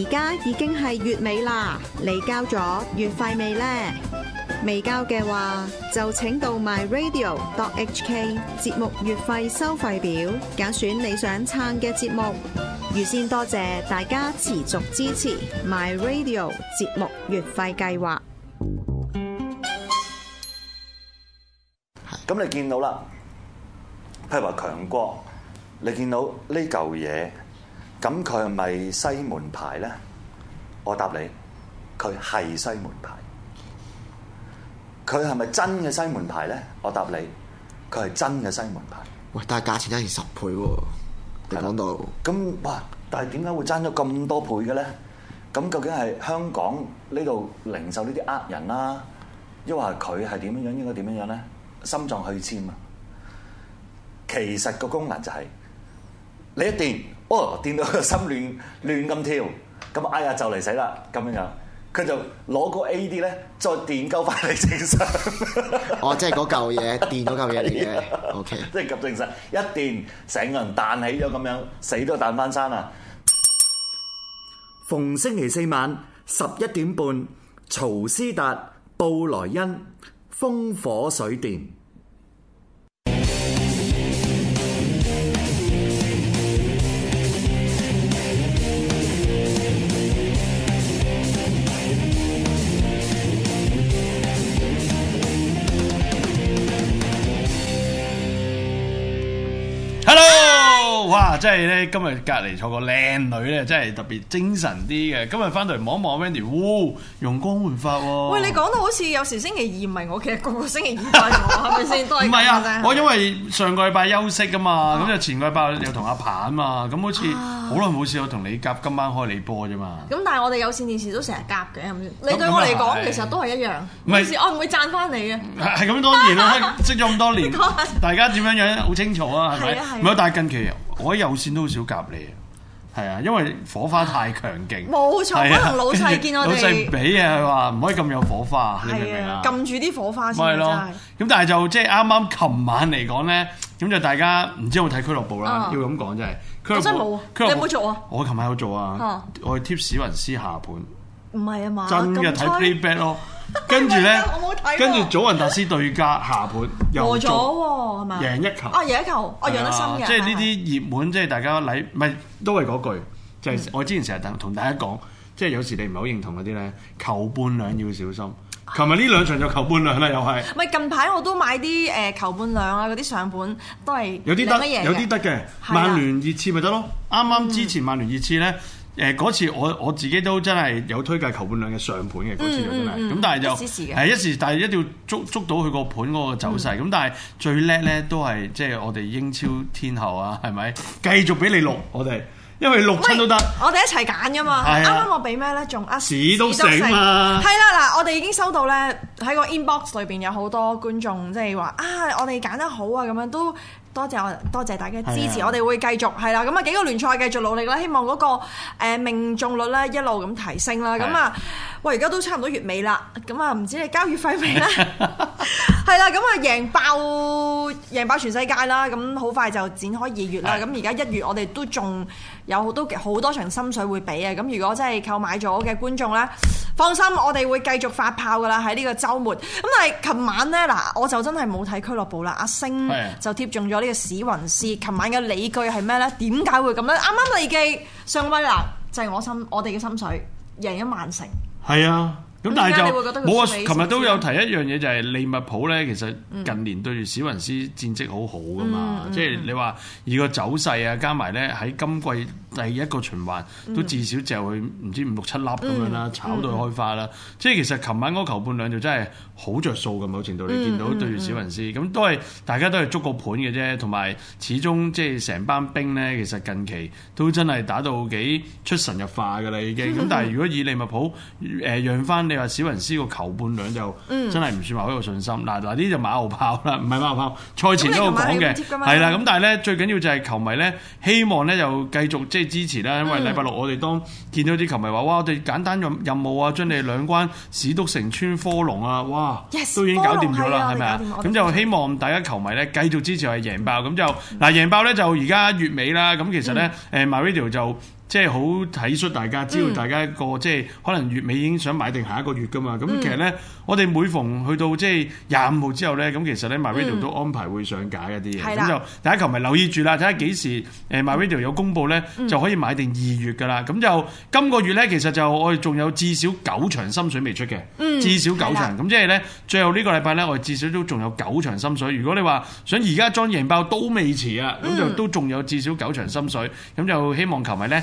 而家已經係月尾啦，你交咗月費未呢？未交嘅話，就請到 myradio.hk 節目月費收費表，揀選你想撐嘅節目。預先多謝大家持續支持 myradio 節目月費計劃。咁，嗯，你見到啦，譬如話強國，你見到呢嚿嘢。咁佢係咪西門牌咧？我答你，佢係西門牌。佢係咪真嘅西門牌咧？我答你，佢係真嘅西門牌。喂，但係價錢一二十倍喎，你講到。咁哇，但係點解會爭咗咁多倍嘅咧？咁究竟係香港呢度零售呢啲呃人啦，抑或係佢係點樣樣應該點樣樣咧？心臟去纖啊，其實個功能就係你一電。哦，電到個心亂亂咁跳，咁哎呀就嚟死啦！咁樣樣，佢就攞個 ad 咧，再電鳩翻你正常。哦， 即係嗰嚿嘢，電咗嚿嘢。的 o Okay K，即係及正常，一電成個人彈起咗，咁樣死都彈翻生啦！逢星期四晚十一點半，曹斯達、布萊恩，風火水電。即係咧，今日隔離坐個靚女咧，真係特別精神啲嘅。今日翻到嚟望一望 Wendy，哇、哦，容光煥發喎！喂，你講到好似有時星期二唔係我，其實個個星期二都係我，係咪先？唔係啊，我因為上個禮拜休息啊嘛，咁、啊、就前個禮拜又同阿鵬啊嘛，咁好似、啊。好耐冇試過同你夾今晚開你波啫嘛！咁但係我哋有線電視都成日夾嘅，你對我嚟講其實都係一樣。冇事，我唔會讚翻你嘅。係咁多年啦，識咗咁多年，大家點樣樣好清楚啊？係咪？唔係，但係近期我喺有線都好少夾你啊，係啊，因為火花太強勁。冇錯，可能老細見我哋老細唔俾啊，佢話唔可以咁有火花，你明唔明啊？撳住啲火花先得。咁但係就即係啱啱琴晚嚟講咧，咁就大家唔知有冇睇俱樂部啦？要咁講真係。佢真係冇，有冇做啊？我琴晚有做啊，我去貼史雲斯下盤，唔係啊嘛，真嘅睇 playback 咯，跟住咧，跟住祖雲達斯對家下盤，贏咗係嘛？贏一球，啊贏一球，啊贏得深嘅。即係呢啲熱門，即係大家禮，唔係都係嗰句，就係我之前成日同同大家講，即係有時你唔好認同嗰啲咧，球半兩要小心。琴日呢兩場就球半兩啦，又係。咪近排我都買啲誒、呃、球半兩啊，嗰啲上盤都係有啲得，有啲得嘅。曼聯熱刺咪得咯。啱啱之前曼聯熱刺咧，誒嗰、嗯呃、次我我自己都真係有推介球半兩嘅上盤嘅嗰次嚟嘅。咁、嗯嗯嗯、但係就誒一時，但係一定要捉捉到佢個盤嗰個走勢。咁、嗯、但係最叻咧都係即係我哋英超天后啊，係咪繼續俾你錄、嗯、我哋？因為六親喂都得，我哋一齊揀㗎嘛。啱啱我俾咩咧？仲阿屎都成啊！係啦，嗱，我哋已經收到咧喺個 inbox 裏邊有好多觀眾，即係話啊，我哋揀得好啊，咁樣都。多謝我，多謝大家支持，的我哋會繼續係啦。咁啊幾個聯賽繼續努力啦，希望嗰、那個、呃、命中率咧一路咁提升啦。咁啊的，喂，而、呃、家都差唔多月尾啦，咁啊唔知你交月費未咧？係啦， 咁、嗯、啊贏爆贏爆全世界啦！咁好快就展開二月啦。咁而家一月我哋都仲有都好多場心水會畀啊。咁如果真係購買咗嘅觀眾咧，放心，我哋會繼續發炮㗎啦。喺呢個週末，咁但係琴晚咧嗱，我就真係冇睇俱樂部啦。阿聲就貼中咗呢。嘅史雲斯，琴晚嘅理據係咩咧？點解會咁咧？啱啱利記上位啦，就係、是、我心我哋嘅心水贏咗曼城。係啊，咁但係就冇啊。琴日都有提一樣嘢，就係、是、利物浦咧。其實近年對住史雲斯戰績好好噶嘛，嗯嗯、即係你話以個走勢啊，加埋咧喺今季。第一個循環都至少就佢唔知五六七粒咁樣啦，炒到佢開花啦。即係其實琴晚嗰球半兩就真係好着數嘅某程度你見到對住小雲斯，咁都係大家都係捉個盤嘅啫。同埋始終即係成班兵咧，其實近期都真係打到幾出神入化嘅啦已經。咁但係如果以利物浦誒讓翻你話小雲斯個球半兩就真係唔算話好有信心。嗱嗱啲就馬後炮啦，唔係馬後炮。賽前都有講嘅係啦。咁但係咧最緊要就係球迷咧希望咧又繼續即支持啦，因為禮拜六我哋當見到啲球迷話：哇，我哋簡單任任務啊，將你兩關史都城村科龍啊，哇，yes, 都已經搞掂咗啦，係咪啊？咁吧就希望大家球迷咧繼續支持，係贏爆咁就嗱、嗯啊，贏爆咧就而家月尾啦，咁其實咧，誒 MyRadio 就。嗯即係好體恤大家，知道大家個、嗯、即係可能月尾已經想買定下一個月噶嘛。咁、嗯、其實呢，我哋每逢去到即係廿五號之後呢，咁其實呢 My Radio、嗯、都安排會上架一啲嘢。咁是的 就大家球迷留意住啦，睇下幾時誒 My Radio 有公佈呢，嗯、就可以買定二月㗎啦。咁就今個月呢，其實就我哋仲有至少九場深水未出嘅，嗯、至少九場。咁是的 即係呢，最後呢個禮拜呢，我哋至少都仲有九場深水。如果你話想而家裝贏爆都未遲啊，咁就都仲有至少九場深水。咁就，就希望球迷呢。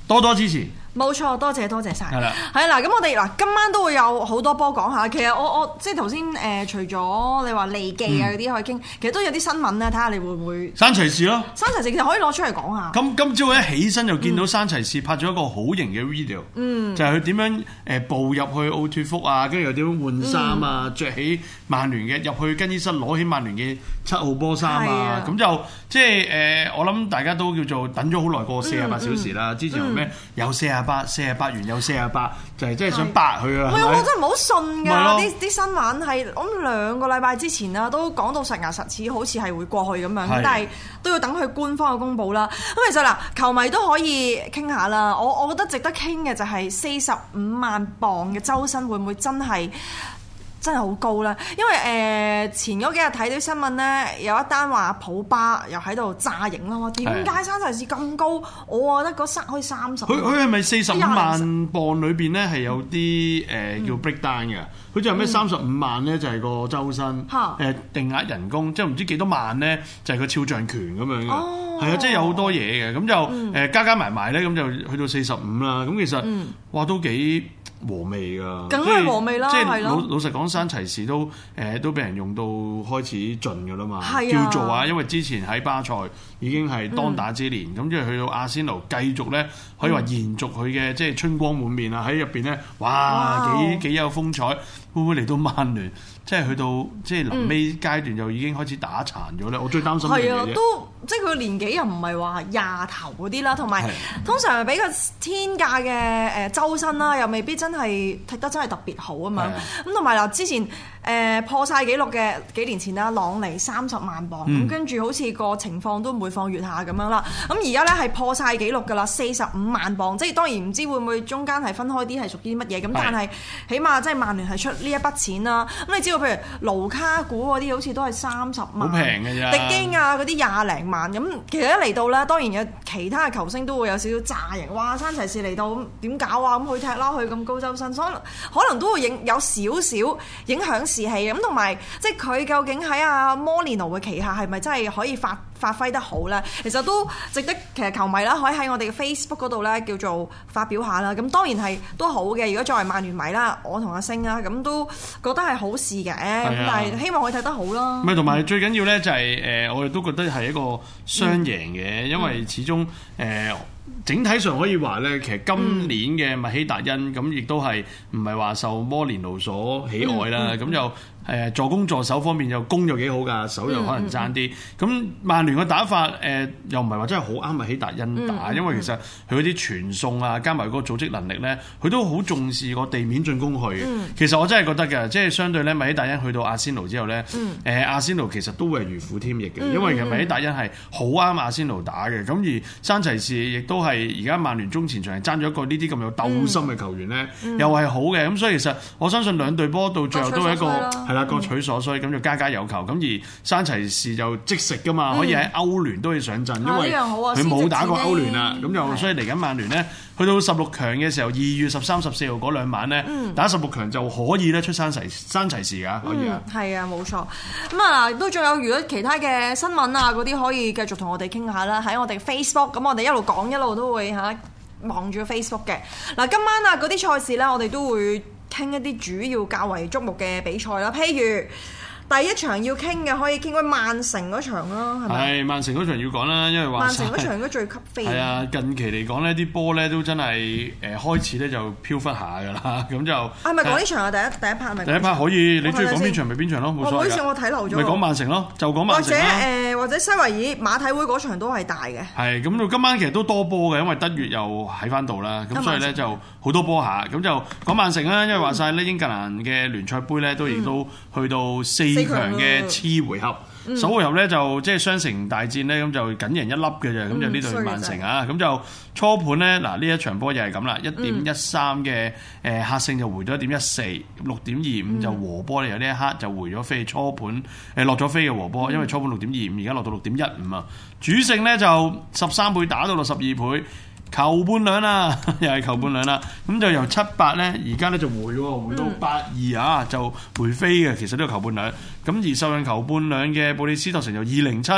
多多支持，冇錯，多謝多謝晒。係啦，係啦，咁我哋嗱今晚都會有好多波講下。其實我我即係頭先誒，除咗你話利記啊嗰啲可以傾，其實都有啲新聞咧，睇下你會唔會？山齊士咯，山齊士其實可以攞出嚟講下。咁今朝一起身就見到山齊士拍咗一個好型嘅 video，嗯，就係佢點樣誒步入去奧脫福啊，跟住又點樣換衫啊，着起曼聯嘅入去更衣室攞起曼聯嘅七號波衫啊，咁就即係誒，我諗大家都叫做等咗好耐個四十八小時啦，之前有四啊八，四啊八完有四啊八，就係、是、真係想白佢啊！唔係，我真係唔好信㗎，啲啲新聞係我兩個禮拜之前啦，都講到實牙實齒，好似係會過去咁樣，是的 但係都要等佢官方嘅公佈啦。咁其實嗱，球迷都可以傾下啦。我我覺得值得傾嘅就係四十五萬鎊嘅周薪會唔會真係？真係好高啦，因為誒、呃、前嗰幾日睇到新聞咧，有一單話普巴又喺度炸營啦喎，點解身財是咁的高？我覺得嗰三可以三十。佢佢係咪四十五萬磅裏邊咧係有啲誒、嗯呃、叫 break down 嘅？佢就咩三十五萬咧就係、是、個周身誒哈、呃、定額人工，即係唔知幾多萬咧就係、是、個肖像權咁樣嘅，係啊、哦，即係、就是、有好多嘢嘅。咁就誒、嗯、加加埋埋咧，咁就去到四十五啦。咁其實哇都幾～和味㗎，梗係和味啦，係是啦。老老實講，山齊士都誒、呃、都俾人用到開始盡㗎啦嘛，是啊、叫做啊，因為之前喺巴塞。已經係當打之年，咁、嗯、即係去到阿仙奴繼續咧，可以話延續佢嘅即係春光滿面啦。喺入邊咧，哇，哇幾幾有風采，會唔會嚟到曼聯？即係去到即係臨尾階段就已經開始打殘咗咧。我最擔心嘅係、嗯、啊，都即係佢年紀又唔係話廿頭嗰啲啦，同埋、嗯、通常俾個天價嘅誒周薪啦，又未必真係踢得真係特別好、嗯、啊嘛。咁同埋嗱之前。誒、呃、破晒記錄嘅幾年前啦，朗尼三十萬鎊咁，跟住、嗯、好似個情況都每況愈下咁樣啦。咁而家呢，係破晒記錄㗎啦，四十五萬鎊。即係當然唔知會唔會中間係分開啲係屬於乜嘢咁，是 但係起碼即係曼聯係出呢一筆錢啦。咁你知道譬如盧卡古嗰啲好似都係三十萬，平嘅啫，迪基亞嗰啲廿零萬。咁其實一嚟到呢，當然有其他嘅球星都會有少少炸型，哇！山齊士嚟到點搞啊？咁去踢啦，去咁高周薪，所可能都會影有少少影響。士氣咁同埋，即係佢究竟喺阿、啊、摩連奴嘅旗下係咪真係可以發發揮得好咧？其實都值得。其實球迷啦，可以喺我哋嘅 Facebook 嗰度咧叫做發表下啦。咁當然係都好嘅。如果作為曼聯迷啦，我同阿星啦，咁都覺得係好事嘅。咁的但係希望佢睇得好啦。咪同埋最緊要咧就係誒，我哋都覺得係一個雙贏嘅，嗯、因為始終誒。嗯呃整體上可以話咧，其實今年嘅麥希達恩咁，亦都係唔係話受摩連奴所喜愛啦。咁、嗯嗯、就。誒助攻助守方面又攻又幾好㗎，守又可能爭啲。咁曼聯嘅打法誒又唔係話真係好啱麥希達恩打，因為其實佢嗰啲傳送啊，加埋嗰個組織能力咧，佢都好重視個地面進攻去。其實我真係覺得嘅，即係相對咧麥希達恩去到阿仙奴之後咧，誒阿仙奴其實都會係如虎添翼嘅，因為其實麥希達恩係好啱阿仙奴打嘅。咁而山齊士亦都係而家曼聯中前場爭咗一個呢啲咁有鬥心嘅球員咧，又係好嘅。咁所以其實我相信兩隊波到最後都係一個各取所需，咁就家家有求。咁而山齊士就即食噶嘛，嗯、可以喺歐聯都可以上陣，因為佢冇打過歐聯啊。咁又，所以嚟緊曼聯咧，去到十六強嘅時候，二月十三、十四號嗰兩晚咧，嗯、打十六強就可以咧出山齊山齊士噶可以啊。係啊、嗯，冇錯。咁啊，都仲有如果其他嘅新聞啊嗰啲，可以繼續同我哋傾下啦。喺我哋 Facebook，咁我哋一路講一路都會嚇望住 Facebook 嘅。嗱，今晚啊嗰啲賽事咧，我哋都會。傾一啲主要較為矚目嘅比賽啦，譬如。第一場要傾嘅可以傾開曼城嗰場咯，係曼城嗰場要講啦，因為話。曼城嗰場，場應該最吸引。係啊，近期嚟講呢啲波咧都真係誒開始咧就飄忽下㗎啦，咁就。係咪講呢場啊？第一第一 part 咪。第一 part 可以，你中意講邊場咪邊我場咯，冇錯。我好似我睇漏咗。咪講曼城咯，就講曼城或者誒、呃，或者西維爾馬體會嗰場都係大嘅。係咁到今晚其實都多波嘅，因為德月又喺翻度啦，咁所以咧就好多波下，咁就講曼城啦。因為話晒呢英格蘭嘅聯賽杯咧都亦都去到四。強嘅次回合，首、嗯、回合咧就即係雙城大戰咧，咁就僅贏一粒嘅啫，咁、嗯、就呢隊曼城啊，咁就初盤咧，嗱呢一場波又係咁啦，一點一三嘅誒客勝就回咗一點一四，六點二五就和波咧，嗯、有呢一刻就回咗飛，初盤誒落咗飛嘅和波，因為初盤六點二五，而家落到六點一五啊，主勝咧就十三倍打到落十二倍。球半兩啦，又係球半兩啦，咁就由七八咧，而家咧就回喎，回到八二啊，就回飛嘅，其實呢個球半兩。咁而受讓球半兩嘅布利斯托城由二零七。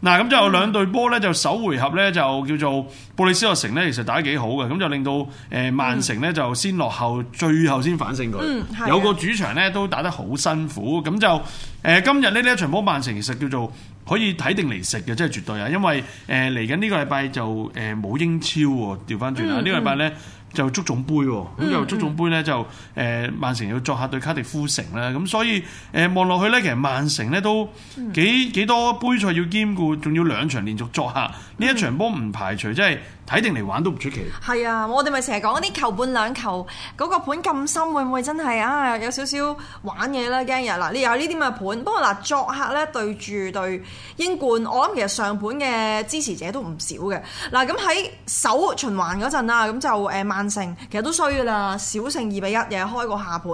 嗱咁就有兩隊波咧，就首回合咧就叫做布里斯托城咧，其實打得幾好嘅，咁就令到誒、呃、曼城咧就先落後，最後先反勝佢。嗯、有個主場咧都打得好辛苦，咁就誒、呃、今日呢呢一場波曼城其實叫做可以睇定嚟食嘅，真係絕對啊！因為誒嚟緊呢個禮拜就誒冇、呃、英超喎，調翻轉啦，嗯嗯、個呢個禮拜咧。就足總杯咁、嗯、又足總杯咧就誒曼城要作客對卡迪夫城啦，咁所以誒望落去咧，其實曼城咧都幾幾多杯賽要兼顧，仲要兩場連續作客，呢、嗯、一場波唔排除即係睇定嚟玩都唔出奇。係啊，我哋咪成日講啲球半兩球嗰個盤咁深，會唔會真係啊有少少玩嘢啦？驚日嗱，你有呢啲咁嘅盤，不過嗱作客咧對住對英冠，我諗其實上盤嘅支持者都唔少嘅。嗱咁喺首循環嗰陣啦，咁就誒曼城其實都衰噶啦，小勝二比一，又係開個下盤。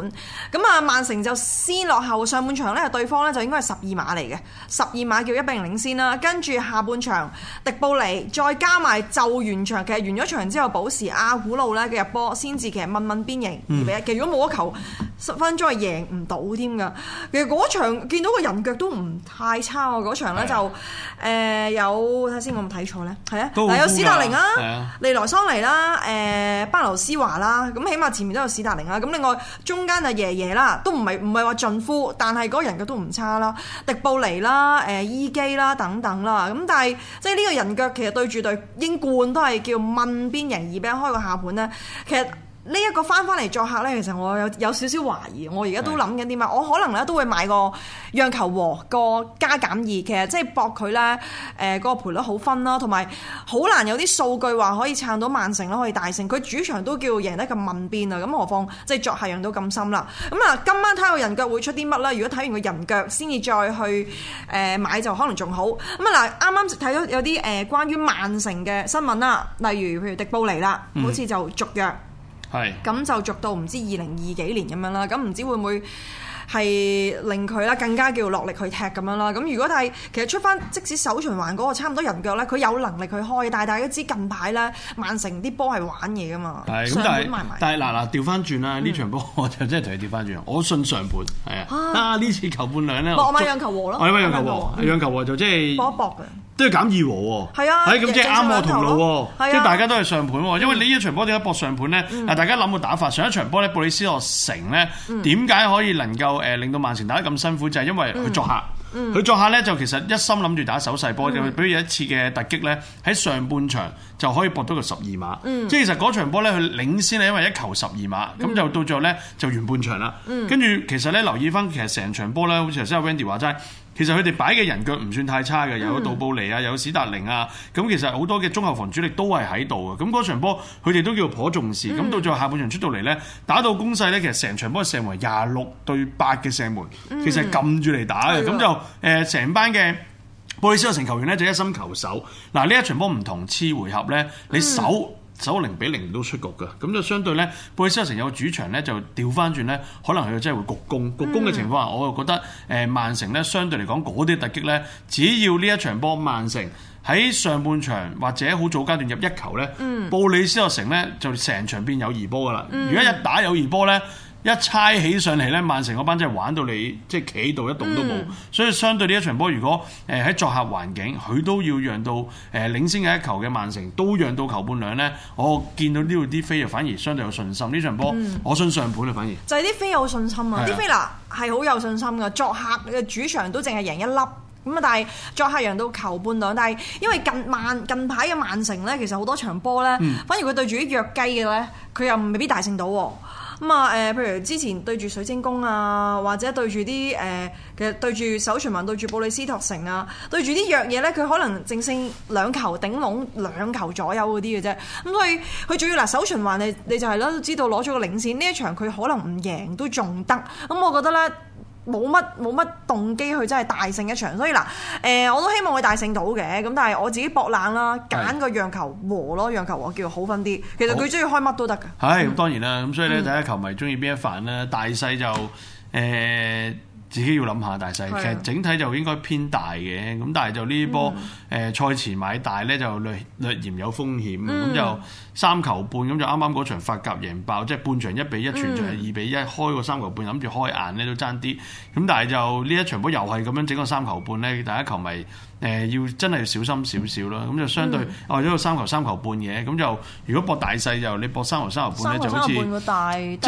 咁啊，曼城就先落後上半場咧，對方咧就應該係十二碼嚟嘅，十二碼叫一比零領先啦。跟住下半場，迪布尼再加埋就完場，其實完咗場之後保，補時阿古路咧嘅入波，先至其實問問邊贏二比一嘅，如果冇咗球。十分鐘係贏唔到添㗎，其實嗰場見到個人腳都唔太差喎。嗰場咧就誒的、呃、有睇先我，我冇睇錯咧？係啊的，嗱有史達寧啊，利萊的桑尼啦，誒巴留斯華啦，咁起碼前面都有史達寧啊。咁另外中間啊爺爺啦，都唔係唔係話進夫，但係個人腳都唔差啦。迪布尼啦，誒、呃、伊基啦等等啦，咁但係即係呢個人腳其實對住對英冠都係叫問邊人而家開個下盤咧。其實。呢一個翻翻嚟作客呢，其實我有有少少懷疑。我而家都諗緊啲乜，的我可能咧都會買個讓球和個加減二，其實即係博佢呢誒，呃、嗰個賠率好分啦，同埋好難有啲數據話可以撐到曼城啦，可以大勝佢主場都叫贏得咁問變啊。咁何況即係作客讓到咁深啦。咁啊，今晚睇下人腳會出啲乜啦。如果睇完個人腳先至再去誒買就可能仲好咁啊。嗱，啱啱睇到有啲誒關於曼城嘅新聞啦，例如譬如迪布尼啦，嗯、好似就續約。係，咁 就續到唔知二零二幾年咁樣啦，咁唔知會唔會係令佢啦更加叫落力去踢咁樣啦？咁如果但係其實出翻即使首循環嗰、嗰個差唔多人腳咧，佢有能力去開，但係大家知近排咧曼城啲波係玩嘢噶嘛？係，咁 但係但係嗱嗱調翻轉啦，呢場波我就真係同你調翻轉，我信上盤係啊，啊呢次球半兩咧，落馬讓球和咯，我買讓球和，啊、讓球和，嗯、讓球和就即係搏一搏嘅。都要減二和喎，係啊，係咁即係啱我同路，即係大家都係上盤喎，因為你依場波點解搏上盤咧？嗱，大家諗個打法，上一場波咧，布里斯托城咧點解可以能夠誒令到曼城打得咁辛苦？就係因為佢作客，佢作客咧就其實一心諗住打手勢波，就比如有一次嘅突擊咧，喺上半場就可以搏到個十二碼，即係其實嗰場波咧佢領先係因為一球十二碼，咁就到最後咧就完半場啦。跟住其實咧留意翻其實成場波咧，好似頭先阿 Wendy 話齋。其實佢哋擺嘅人腳唔算太差嘅，有杜布尼啊，有史達寧啊，咁其實好多嘅中後防主力都係喺度嘅。咁嗰場波佢哋都叫頗重視。咁、嗯、到最後下半場出到嚟呢，打到攻勢呢，其實成場波射門廿六對八嘅射門，嗯、其實撳住嚟打嘅。咁、嗯、就誒成的、呃、班嘅布里斯托城球員呢，就一心求守。嗱呢一場波唔同次回合呢，你守。嗯走零比零都出局㗎，咁就相對咧，布里斯托城有個主場咧，就調翻轉咧，可能佢真係會局攻。局攻嘅情況下，嗯、我就覺得誒、呃、曼城咧，相對嚟講嗰啲突擊咧，只要呢一場波曼城喺上半場或者好早階段入一球咧，嗯、布里斯托城咧就成場變友誼波噶啦。如果一打友誼波咧，嗯一猜起上嚟咧，曼城嗰班真係玩到你，即係企到一棟都冇。嗯、所以相對呢一場波，如果誒喺作客環境，佢都要讓到誒領先嘅一球嘅曼城都讓到球半兩咧。我見到呢度啲飛啊，反而相對有信心。呢場波，嗯、我信上盤啦，反而就係啲飛有信心啊！啲飛嗱係好有信心噶。作客嘅主場都淨係贏一粒咁啊，但係作客讓到球半兩。但係因為近曼近排嘅曼城咧，其實好多場波咧，嗯、反而佢對住啲弱雞嘅咧，佢又未必大勝到。咁啊，誒，譬如之前對住水晶宮啊，或者對住啲誒，其實對住首循環對住布里斯托城啊，對住啲弱嘢咧，佢可能淨勝兩球頂籠兩球左右嗰啲嘅啫。咁所以佢仲要嗱，首循環你你就係啦，知道攞咗個領先，呢一場佢可能唔贏都仲得。咁我覺得咧。冇乜冇乜動機去真係大勝一場，所以嗱，誒、呃、我都希望佢大勝到嘅，咁但係我自己搏冷啦，揀個讓球和咯，是讓球和叫好分啲。其實佢中意開乜都得㗎。係咁好，嗯、當然啦，咁所以咧睇下球迷中意邊一範啦，嗯、大細就誒。呃自己要諗下大細，其實整體就應該偏大嘅，咁的但係就呢波誒賽前買大呢，就略略嫌有風險，咁、嗯、就三球半咁就啱啱嗰場法甲贏爆，即、就、係、是、半場一比一，全場、嗯、係二比一，開個三球半諗住開眼呢都爭啲，咁但係就呢一場波又係咁樣整個三球半呢，大家球迷。誒要真係要小心少少啦，咁就相對哦，一個、嗯啊、三球三球半嘅，咁就如果博大細就你博三球三球半咧，就好似即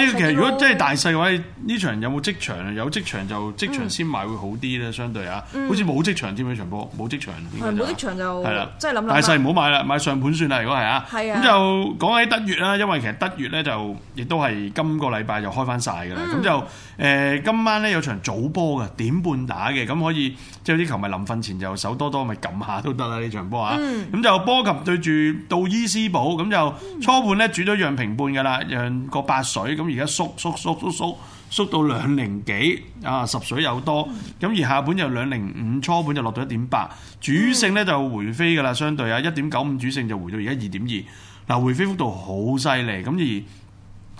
係其實如果真係大細嘅話，呢場有冇即場？有即場就即場先買會好啲啦。相對啊，嗯、好似冇即場添呢場波，冇即場係冇即場就係啦，即係諗大細唔好買啦，買上盤算啦，如果係啊，咁就講起德月啦，因為其實德月咧就亦都係今個禮拜就開翻晒嘅啦，咁、嗯、就誒、呃、今晚咧有場早波嘅點半打嘅，咁可以即係啲球迷臨瞓前就守多。多多咪撳下都得啦呢場波啊，咁就波琴對住道伊斯堡，咁就初盤咧主隊讓平半嘅啦，讓個八水，咁而家縮縮縮縮縮縮到兩零幾啊十水又多，咁而下盤就兩零五，初盤就落到一點八，主勝咧就回飛嘅啦，相對啊一點九五主勝就回到而家二點二，嗱回飛幅度好犀利，咁而。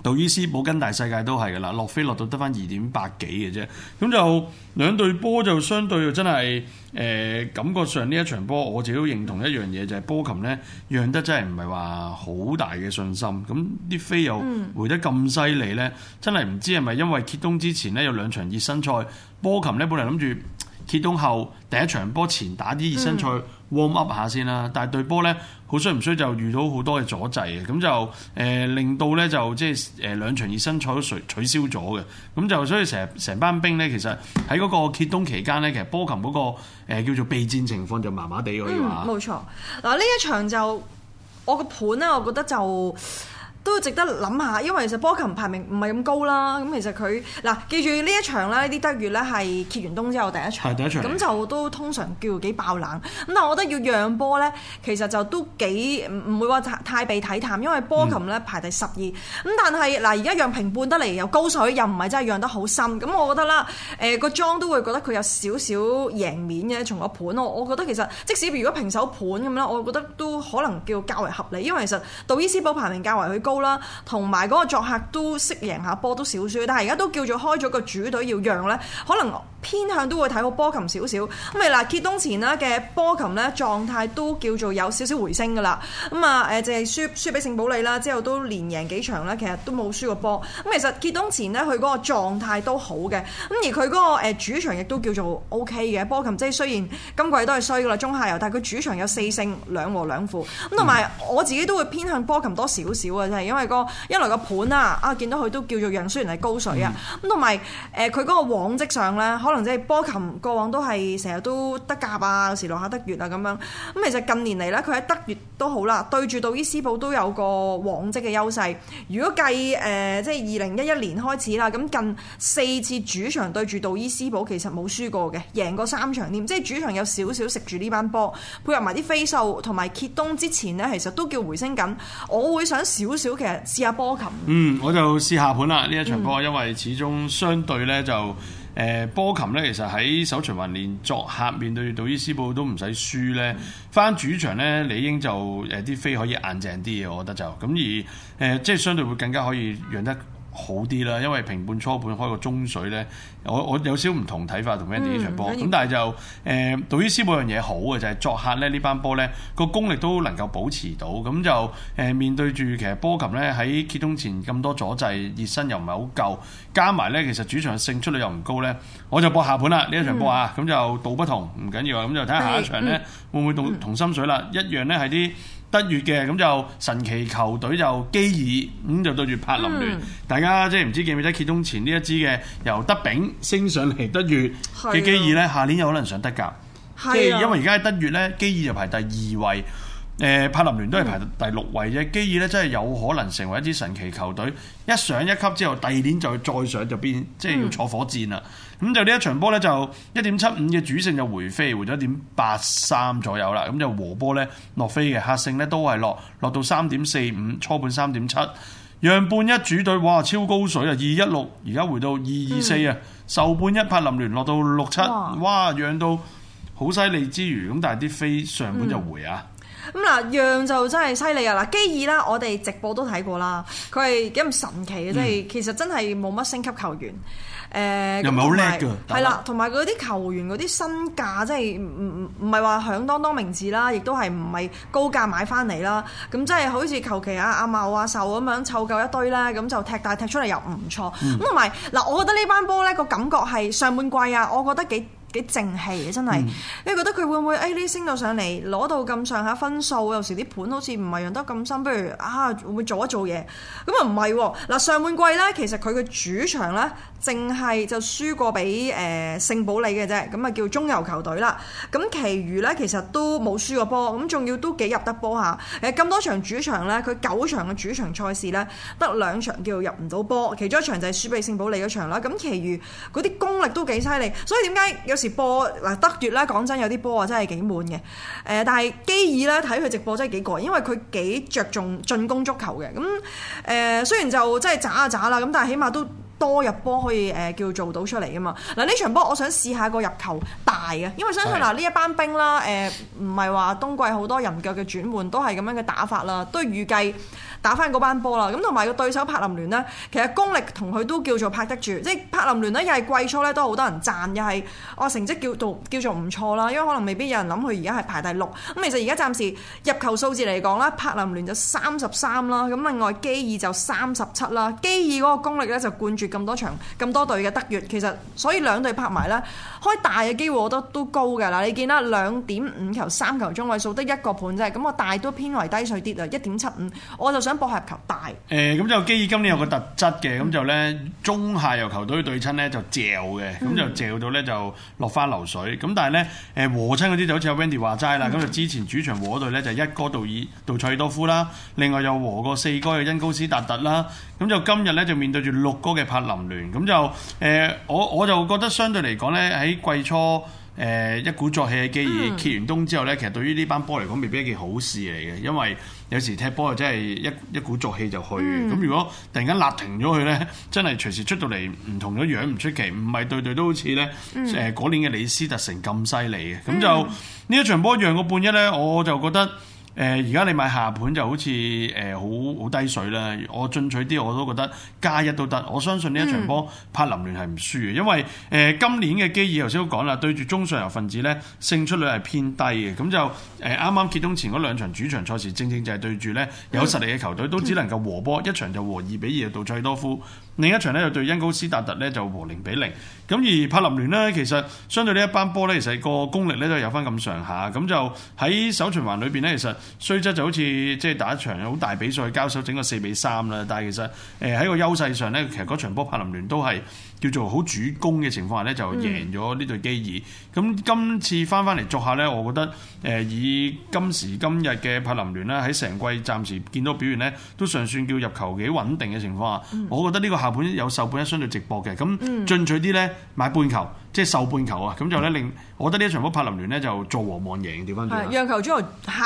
杜伊斯堡跟大世界都係嘅啦，落飛落到得翻二點八幾嘅啫。咁就兩對波就相對真係誒、呃、感覺上呢一場波我自己都認同一樣嘢，就係、是、波琴呢，讓得真係唔係話好大嘅信心。咁啲飛又回得咁犀利呢，嗯、真係唔知係咪因為揭東之前呢有兩場熱身賽波琴呢本來，本嚟諗住揭東後第一場波前打啲熱身賽。嗯嗯 warm up 下先啦，但係對波咧好衰唔衰就遇到好多嘅阻滯嘅，咁就誒、呃、令到咧就即係誒兩場熱身賽都取取消咗嘅，咁就所以成成班兵咧其實喺嗰個揭冬期間咧，其實波琴嗰、那個、呃、叫做備戰情況就麻麻地嘅話，冇、嗯、錯。嗱呢一場就我個盤咧，我覺得就。都值得諗下，因為其實波琴排名唔係咁高啦。咁其實佢嗱記住呢一場啦，呢啲德乙咧係揭完冬之後第一場，咁就都通常叫幾爆冷。咁但係我覺得要讓波咧，其實就都幾唔會話太，太被睇淡，因為波琴咧排第十二、嗯。咁但係嗱，而家讓平半得嚟又高水，又唔係真係讓得好深。咁我覺得啦，誒、呃、個莊都會覺得佢有少少贏面嘅，從個盤我我覺得其實即使如果平手盤咁啦，我覺得都可能叫較為合理，因為其實杜伊斯堡排名較為佢高。啦，同埋嗰個作客都識贏下波，都少輸。但係而家都叫做開咗個主隊，要讓呢可能。偏向都會睇好波琴少少，咁咪嗱結冬前呢嘅波琴呢，狀態都叫做有少少回升噶啦，咁啊誒淨係輸輸俾聖保利啦，之後都連贏幾場咧，其實都冇輸過波。咁其實結冬前呢，佢嗰個狀態都好嘅，咁而佢嗰個主場亦都叫做 O K 嘅波琴，即係雖然今季都係衰噶啦中下游，但係佢主場有四勝兩和兩負，咁同埋我自己都會偏向波琴多少少啊，就係因為個一來個盤啊，啊見到佢都叫做讓，雖然係高水啊，咁同埋誒佢嗰個往績上呢。可能。即係波琴過往都係成日都德甲啊，有時落下德乙啊咁樣。咁其實近年嚟咧，佢喺德乙都好啦，對住杜伊斯堡都有個往績嘅優勢。如果計誒、呃，即係二零一一年開始啦，咁近四次主場對住杜伊斯堡，其實冇輸過嘅，贏過三場添。即係主場有少少食住呢班波，配合埋啲飛秀同埋揭東之前呢，其實都叫回升緊。我會想少少，其實試下波琴。嗯，我就試下盤啦呢一場波，因為始終相對呢就。誒、呃、波琴咧，其實喺首循環連作客面對杜伊斯堡都唔使輸咧，翻、嗯、主場咧理應就誒啲飛可以硬淨啲嘢，我覺得就咁而誒、呃，即係相對會更加可以贏得。好啲啦，因為平半初盤開個中水咧，我我有少唔同睇法同 Wendy 呢場波，咁但係就誒杜伊斯堡有樣嘢好嘅就係、是、作客咧呢班波咧個功力都能夠保持到，咁就誒面對住其實波琴咧喺揭冬前咁多阻滯，熱身又唔係好夠，加埋咧其實主場勝出率又唔高咧，我就博下盤啦呢一場波啊，咁、嗯、就道不同唔緊要啊，咁就睇下下一場咧會唔會道同心水啦，嗯嗯嗯、一樣咧係啲。德乙嘅咁就神奇球隊就基爾咁、嗯、就對住柏林聯，嗯、大家即係唔知記唔記得揭中前呢一支嘅由德丙升上嚟德乙嘅基爾呢，是的 下年有可能上德甲，即係是的、就是、因為而家喺德乙呢，基爾就排第二位。誒，柏林聯都係排到第六位啫，嗯、基爾咧真係有可能成為一支神奇球隊。一上一級之後，第二年就再上，嗯、就變，即係要坐火箭啦。咁就呢一場波咧就一點七五嘅主勝就回飛，回咗一點八三左右啦。咁就和波咧落飛嘅客勝呢都係落落到三點四五，初半三點七，讓半一主隊哇超高水啊二一六，而家回到二二四啊。嗯、受半一柏林聯落到六七哇，哇，讓到好犀利之餘，咁但係啲飛上半就回啊。嗯咁嗱，樣就真係犀利啊！嗱，基爾啦，我哋直播都睇過啦，佢係幾咁神奇嘅，嗯、即係其實真係冇乜星級球員。誒、呃，又唔係好叻㗎。係啦，同埋嗰啲球員嗰啲身價，即係唔唔唔係話響當當名字啦，亦都係唔係高價買翻嚟啦。咁即係好似求其阿阿茂阿壽咁樣湊夠一堆啦，咁就踢大踢出嚟又唔錯。咁同埋嗱，我覺得班呢班波咧個感覺係上半季啊，我覺得幾啲正氣嘅真係，你、嗯、覺得佢會唔會誒呢、欸、升到上嚟攞到咁上下分數？有時啲盤好似唔係用得咁深，不如啊會唔會做一做嘢？咁啊唔係，嗱上半季呢，其實佢嘅主場呢，淨係就輸過俾誒、呃、聖保利嘅啫，咁啊叫中游球隊啦。咁其餘呢，其實都冇輸過波，咁仲要都幾入得波下。誒咁多場主場呢，佢九場嘅主場賽事呢，得兩場叫入唔到波，其中一場就係輸俾聖保利嗰場啦。咁其餘嗰啲功力都幾犀利，所以點解有時波嗱，德乙咧，講真有啲波啊，真係幾悶嘅。誒，但係基爾咧，睇佢直播真係幾過癮，因為佢幾着重進攻足球嘅。咁誒、呃，雖然就真係渣啊渣啦、啊，咁但係起碼都。多入波可以誒叫做到出嚟噶嘛？嗱呢場波我想試下個入球大嘅，因為相信嗱呢一班兵啦，誒唔係話冬季好多人腳嘅轉換都係咁樣嘅打法啦，都預計打翻嗰班波啦。咁同埋個對手柏林聯咧，其實功力同佢都叫做拍得住，即係柏林聯咧又係季初咧都好多人讚又係我成績叫做叫做唔錯啦，因為可能未必有人諗佢而家係排第六。咁其實而家暫時入球數字嚟講啦，柏林聯就三十三啦，咁另外基爾就三十七啦，基爾嗰個功力咧就貫住。咁多場、咁多隊嘅德乙，其實所以兩隊拍埋咧，開大嘅機會我都都高嘅。嗱，你見啦，兩點五球、三球中位數得一個盤啫，咁個大都偏為低水啲啊，一點七五，我就想博下球大。誒，咁就基爾今年有個特質嘅，咁就咧中下游球隊對親咧就嚼嘅，咁就嚼到咧就落花流水。咁但係咧誒和親嗰啲就好似阿 Wendy 話齋啦，咁就之前主場和隊咧就一哥杜爾杜塞爾多夫啦，另外又和過四哥嘅因高斯達特啦，咁就今日咧就面對住六哥嘅排。林凌亂咁就誒、呃，我我就覺得相對嚟講咧，喺季初誒、呃、一鼓作氣嘅機遇，嗯、揭完冬之後咧，其實對於呢班波嚟講，未必係一件好事嚟嘅，因為有時踢波啊，真係一一鼓作氣就去，咁、嗯、如果突然間勒停咗佢咧，真係隨時出到嚟唔同咗樣唔出奇，唔係對對都好似咧誒嗰年嘅李斯特城咁犀利嘅，咁就呢、嗯、一場波讓個半一咧，我就覺得。誒而家你買下盤就好似誒好好低水啦，我進取啲我都覺得加一都得，我相信呢一場波柏林聯係唔輸嘅，嗯、因為誒、呃、今年嘅基爾頭先都講啦，對住中上游分子咧勝出率係偏低嘅，咁就誒啱啱結中前嗰兩場主場賽事，正正就係對住咧有實力嘅球隊，都只能夠和波，嗯、一場就和二比二杜塞多夫。另一場咧就對恩高斯達特咧就和零比零，咁而柏林聯呢，其實相對呢一班波咧，其實個功力咧都有翻咁上下，咁就喺首循環裏邊呢，其實雖則就好似即係打一場好大比賽交手整個四比三啦。但係其實誒喺個優勢上呢，其實嗰場波柏林聯都係叫做好主攻嘅情況下呢，就贏咗呢隊基爾。咁、嗯、今次翻翻嚟作下呢，我覺得誒以今時今日嘅柏林聯呢，喺成季暫時見到表現呢，都尚算叫入球幾穩定嘅情況下，嗯、我覺得呢、呢個。下有受半一相對直播嘅，咁進、嗯、取啲咧買半球。即係受半球啊，咁就咧令我覺得呢一場波柏林聯呢，就做和望贏點樣讓球主要客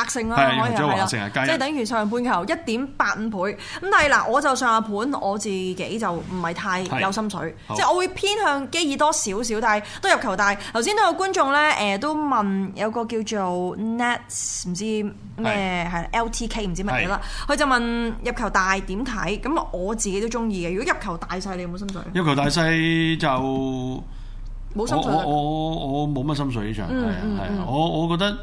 勝咯，係入球主要客勝啊，即係等於上半球一點八五倍。咁但係嗱，我就上下盤我自己就唔係太有心水，即係我會偏向基爾多少少，但係都入球大。頭先都有觀眾咧，誒都問有個叫做 Net 唔知咩係 LTK 唔知乜嘢啦，佢就問入球大點睇？咁我自己都中意嘅。如果入球大細，你有冇心水？入球大細就～我我我冇乜心水呢場，係、嗯、啊係啊，我我覺得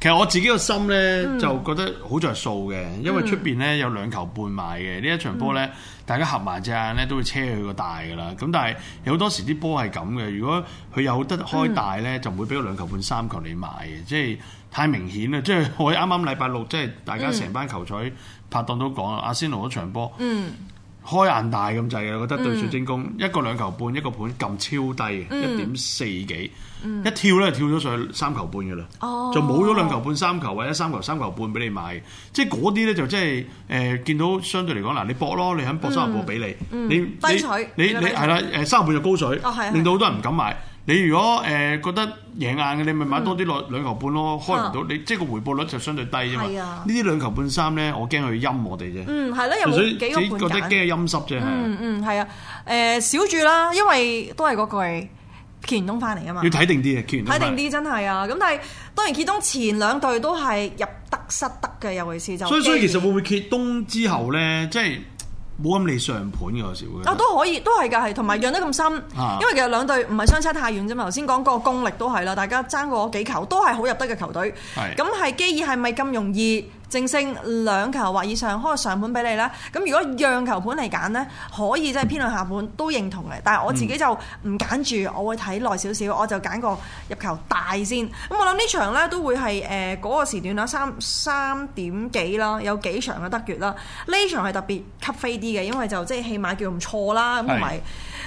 其實我自己個心咧、嗯、就覺得好着數嘅，因為出邊咧有兩球半買嘅呢、嗯、一場波咧，大家合埋隻眼咧都會車佢個大噶啦。咁但係有好多時啲波係咁嘅，如果佢有得開大咧，嗯、就唔會俾個兩球半三球你買嘅，即係太明顯啦。即、就、係、是、我啱啱禮拜六，即係大家成班球賽拍檔都講啦，嗯、阿仙奴嗰場波。嗯開眼大咁滯嘅，我覺得對水晶宮一個兩球半一個盤撳超低嘅，嗯、一點四幾、嗯、一跳咧跳咗上去三球半嘅啦，哦、就冇咗兩球半三球或者三球三球半俾你買，即係嗰啲咧就即係誒見到相對嚟講嗱，你搏咯，你肯搏三球半俾你，你，你低水你你係啦誒三球半就高水，哦、令到好多人唔敢買。你如果誒、呃、覺得贏硬嘅，你咪買多啲兩兩球半咯，嗯、開唔到、啊、你即係個回報率就相對低啫嘛。呢啲係、啊、兩球半三咧，我驚佢陰我哋啫。嗯，係咯、啊，又有幾個半碼，只覺得驚陰濕啫、嗯。嗯嗯，係啊，誒、呃、少注啦，因為都係嗰句揭冬翻嚟啊嘛。要睇定啲啊，揭冬睇定啲真係啊。咁但係當然揭冬前兩隊都係入得失得嘅，尤其是就。所以所以其實會唔會揭冬之後咧，即係？冇咁理上盤嘅，有時會啊都可以，都係噶，係同埋讓得咁深，啊、因為其實兩隊唔係相差太遠啫嘛。頭先講嗰個功力都係啦，大家爭過幾球，都係好入得嘅球隊。咁係基爾係咪咁容易？淨勝兩球或以上開個上盤俾你啦。咁如果讓球盤嚟揀呢，可以即係偏向下盤都認同嘅。但係我自己就唔揀住，我會睇耐少少，我就揀個入球大先。咁我諗呢場呢，都會係誒嗰個時段啦，三三點幾啦，有幾場嘅得決啦。呢場係特別吸飛啲嘅，因為就即係起碼叫唔錯啦，咁同埋。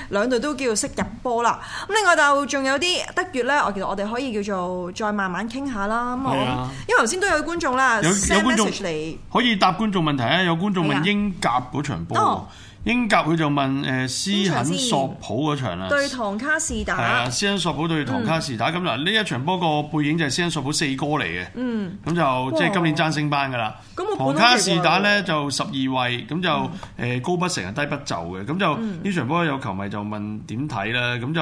兩隊都叫識入波啦，咁另外就仲有啲得月咧，我其實我哋可以叫做再慢慢傾下啦。咁啊的，好因為頭先都有觀眾啦有，有訊有觀眾嚟來可以答觀眾問題啊！有觀眾問英甲嗰場波。英甲佢就問誒斯肯索普嗰場啦，對唐卡士打。係啊，斯肯索普對唐卡士打。咁嗱呢一場波個背景就係斯肯索普四哥嚟嘅。嗯。咁就即係今年爭升班㗎啦。咁唐卡士打咧就十二位，咁就誒高不成啊低不就嘅。咁就呢場波有球迷就問點睇啦。咁就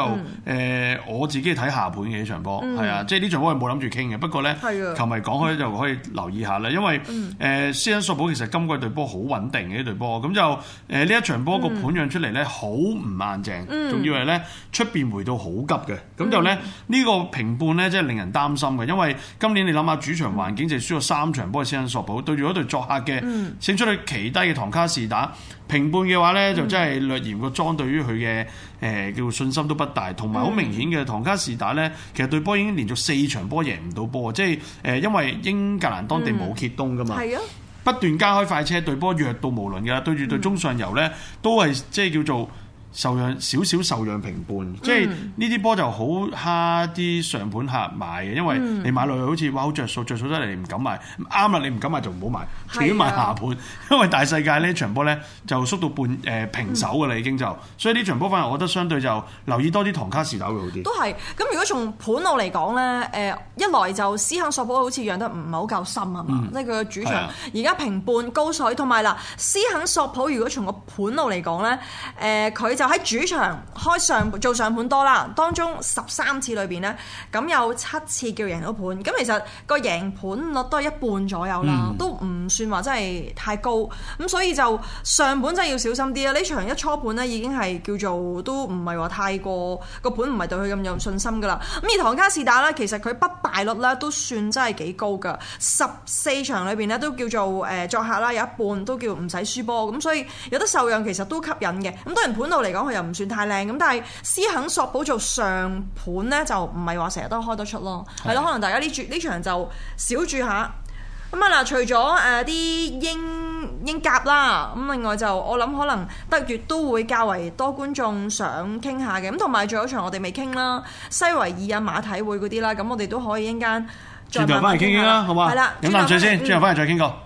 誒我自己睇下盤嘅呢場波，係啊，即係呢場波我冇諗住傾嘅。不過咧，球迷講開就可以留意下啦。因為誒斯肯索普其實今季隊波好穩定嘅呢隊波。咁就誒呢一場。場波個盤樣出嚟咧，好唔硬淨，仲要係咧出邊回到好急嘅，咁就咧呢個平半咧，即係令人擔心嘅，因為今年你諗下主場環境就輸咗三場波嘅先，恩索普對住嗰隊作客嘅勝出率奇低嘅唐卡士打平半嘅話咧，就真係略嫌個莊對於佢嘅誒叫信心都不大，同埋好明顯嘅唐卡士打咧，其實對波已經連續四場波贏唔到波，即係誒因為英格蘭當地冇揭冬㗎嘛。不斷加開快車對波弱到無倫㗎，對住對中上游呢都係即係叫做。受讓少少受讓平半，即係呢啲波就好蝦啲上盤客買嘅，因為你買落去好似哇好著數，著數得嚟你唔敢買，啱啦你唔敢買就唔好買，少買下盤，因為大世界呢場波咧就縮到半誒、呃、平手㗎啦已經就，嗯、所以呢場波反而我覺得相對就留意多啲唐卡士打會好啲。都係，咁如果從盤路嚟講咧，誒一來就斯肯索普好似養得唔係好夠深啊嘛，嗯、即係佢個主場而家平半高水，同埋啦斯肯索普如果從個盤路嚟講咧，誒、呃、佢就。就喺主場開上做上盤多啦，當中十三次裏邊咧，咁有七次叫贏到盤，咁其實個贏盤率都係一半左右啦，嗯、都唔算話真係太高，咁所以就上盤真係要小心啲啊，呢場一初盤咧已經係叫做都唔係話太過個盤唔係對佢咁有信心噶啦。咁而唐卡士打咧，其實佢不敗率咧都算真係幾高噶，十四場裏邊咧都叫做誒作客啦，有一半都叫唔使輸波，咁所以有得受讓其實都吸引嘅。咁當然盤路嚟。講佢又唔算太靚咁，但係斯肯索堡做上盤咧就唔係話成日都開得出咯，係咯？可能大家呢注呢場就少注下。咁啊嗱，除咗誒啲英英甲啦，咁另外就我諗可能德乙都會較為多觀眾想傾下嘅。咁同埋最後一場我哋未傾啦，西維爾啊馬體會嗰啲啦，咁我哋都可以呢間再翻嚟傾傾啦，好嘛？係啦的，飲啖水先，之後翻嚟再傾過。嗯